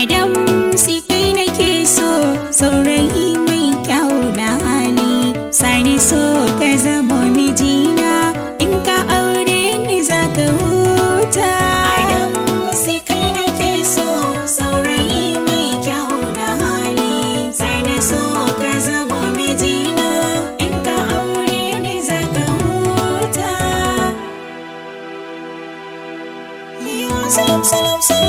adam siki nake so saurayi mai kyau da hali sani so ka zama mijina in ka aure ni za ka huta adam siki nake so saurayi mai kyau da hali sani so ka zama mijina in ka aure ni za ka huta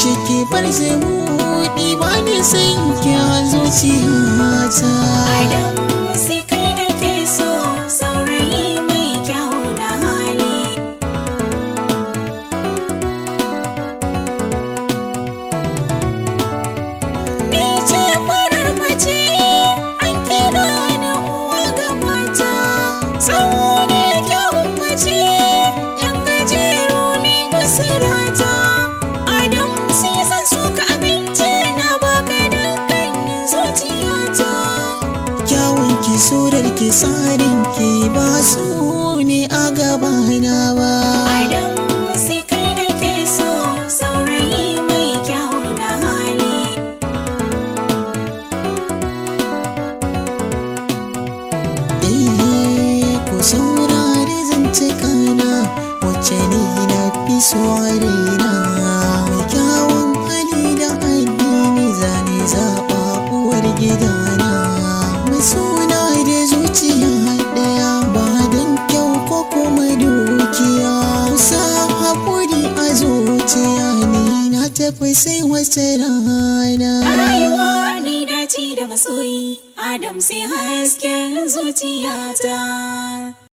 shi ki bar zai buɗi ba ni san ki mata. Ai da sai ki ki ba su ne a gabana ba Adam sai kai da ke so saurayi mai kyau da hali Ihe eh, ku saurari zance kana wacce ni na fi so tafi sai wace rana. Rayuwa ni ci da masoyi, Adam sai hasken zuciyata.